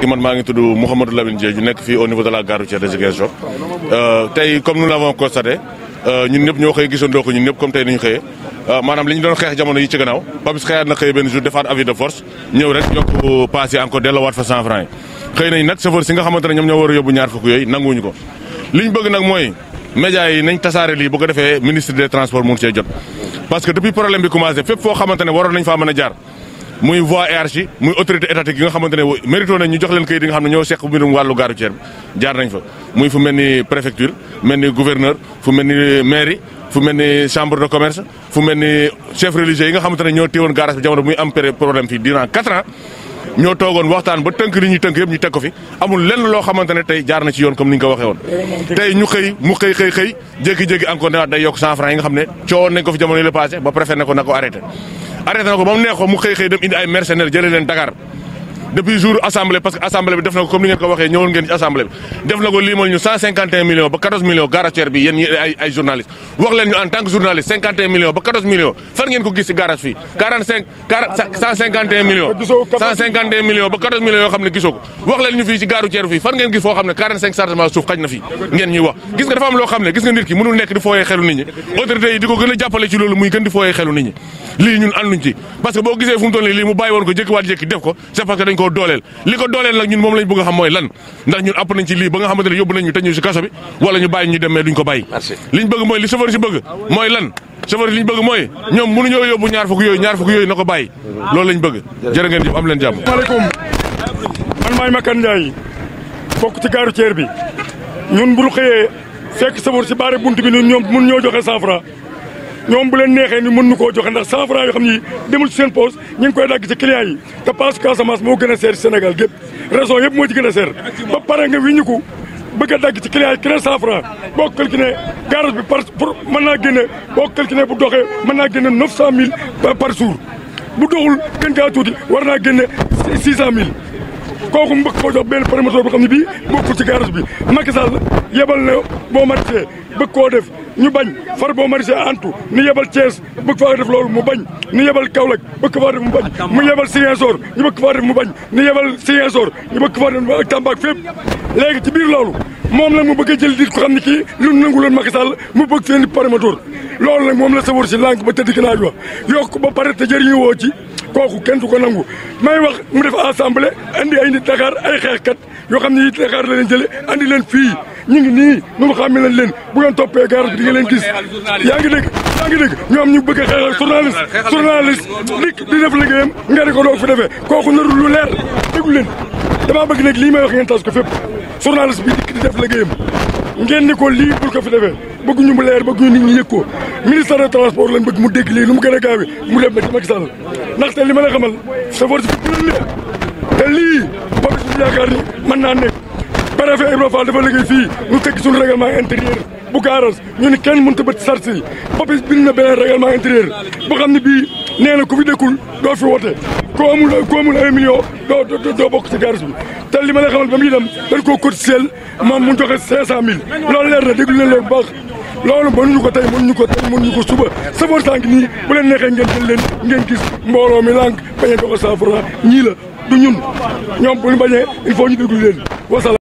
kii man maa ngi tudd Mouhamadou Lamine Diédhiou nekk fii au niveau de la gare routière de Ziguinchor euh, tey comme nous l'avons constaté euh, ñun ñëpp ñoo xëy gisandoo ko ñun euh, maanaam li doon xeex jamono yi ci gannaaw Papis xëyaat na xëy benn jour defaat avis de force ñëw rek yokk paas yi encore delluwaat fa 100 francs yi xëy nañ nag chauffeur si nga xamante ñoom ñoo war a yóbbu ñaar fukk yooyu nanguwuñu ko li bëgg nag mooy médias yi nañ tasaare lii bu ko defee ministre des muy voie élargie muy autorité étatique yi nga xamante ne mérito nañ ñu jox leen kayit yi nga xam ne ñoo seq mbirum wàllu gaaru ceer bi jaar nañ fa muy fu mel ni préfecture mel ni gouverneur fu mel ni mairie fu mel ni chambre de commerce fu mel ni chef religieux yi nga xamante ne ñoo téewoon garage bi jamono bi muy am problème fii durant quatre ans ñoo toogoon waxtaan ba tënk li ñuy tënk yëpp ñu teg ko fi amul lenn loo xamante ne tey jaar na ci yoon comme ni ko waxee woon tey ñu xëy mu xëy xëy xëy jékki-jékki encore ne yi nga xam ne coowoon nañ ko fi jamono yi la passé ba préfet arrêté na ko ba mu neexoo mu xëy xëy dem indi ay mercenaires jëlee leen Dakar depuis jour assemblée parce que assemblée bi def na ko comme ni ngeen ko waxee ñëwoon ngeen ci assemblée bi def na ko limal ñu 151 millions ba 14 millions garatière bi yeen ay ay journaliste wax leen ñu en tant que journaliste 51 millions ba 14 millions fan ngeen ko gis ci garage fii 45 151 millions 151 millions ba 14 millions yo xamne ne wax leen ñu fi ci garatière fi fan ngeen gis fo xamne 45 chargement suuf xajna fi ngeen ñuy wax gis nga dafa am lo xamne gis nga nit ki mënul nekk di fooyee xelu nit ñi autorité yi diko gëna jappalé ci loolu muy gën di fooyee xelu nit ñi li ñun ànduñ ci parce que bo gisé fu mu li mu bayiwon ko jëk waat jëk def ko c'est parce que dañ ko dolel liko dolel nak ñun mom lañ bëgg xam moy lan ndax ñun app nañ ci li ba nga xamante ne nañ ñu tañu ci kasso bi wala ñu bàyyi ñu demee duñ ko bàyyi liñ bëgg moy li chauffeur ci bëgg moy lan chauffeur liñ bëgg moy ñom mënu mënuñoo yóbbu ñaar fuk yoy ñaar fuk yoy nako ko bàyyi loolu lañ bëgg jërë ngeen jëf am leen jàmm asalaamaaleykum man may Makan Ndiaye bokk ci garu ceer bi ñun bu ñu xëyee fekk chauffeur ci bare buntu bi ñun ñom mënu ñoo joxe safra ñoom bu leen neexee ni mën nu koo joxe ndax cent franc yoo xam ni demul ci seen poos ñu ngi koy dagg ci clients yi te passe Casamance moo gën a seer Sénégal gépp raison yëpp moo ci gën a seer ba pare nga wiñu ko bëgg a boo ci client yi keneen cent franc boo calculé bi par pour mën naa génne boo calculé bu doxee mën naa génne neuf cent mille par jour bu doxul gën kaa tuuti war naa génne six cent mille kooku mbëkk ko jox benn promoteur boo xam ne bii bokkul ci garage bi Macky Sall yebal na boo marché bëgg koo def ñu bañ far boo marché antu ñu yebal Thiès bëgg faa def loolu mu bañ ñu yebal Kaolack bëgg faa def mu bañ mu yebal Ziguinchor ñu bëgg faa def mu bañ ñu yebal Ziguinchor ñu bëgg faa def ak Tamba ak léegi ci biir loolu moom la mu bëgg a jël dit ko xam ne kii lu nangu loon Macky Sall mu bëgg seen ma parmatoor loolu nag moom la sawar si lànk ba tëdd gënaaj wa yokk ba pare te jëriñu woo ci kooku kenn du ko nangu maay wax mu def assemblée andi ay nit Dakar ay kat yoo xam ne yi Dakar la leen jële andi leen fii ñu ngi nii nu mu xàmme leen leen bu ngeen toppee garage bi di nga leen gis yaa ngi dégg yaa ngi ñoom ñu bëgg a xeexal journaliste journaliste dik di def liggéeyam nga di ko doog fi defee kooku narul lu leer déglu leen damaa bëgg nag lii ma wax ngeen tas ko fépp journaliste bi dikk di def liggéeyam ngeen ni ko lii bul ko fi defee bëgguñu mu leer bëgguñu nit ñi yëg ko ministère de transport lañ bëgg mu dégg lii lu mu gën a gaawee mu dem ba ci Macky Sall ndaxte li ma la xamal sa chauffeur si fi mu te lii Papis ñu yaakaar ni mën naa nekk préfet Ibra Fall dafa liggéey fii ñu tëgg suñu règlement intérieur bu garas ñu ni kenn mënut a bët sart yi Papis bind na beneen règlement intérieur bu xam ne bii nee na ku fi dëkkul doo fi wote ko amul ko amul un million doo doo bokk ci garas bi te li ma la xamal ba muy dem dañ koo cotisel moom mu joxe cinq cent loolu leer na déglu leen loolu baax loolu mënuñu ko tey ñu ko tey mënuñu ko suba safoor sànq nii bu leen neexee ngeen jël leen ngeen gis mbooloo mi lànk bañ a jox ko saafara ñii la du ñun ñoom bu ñu bañee il faut ñu déglu leen wasalaam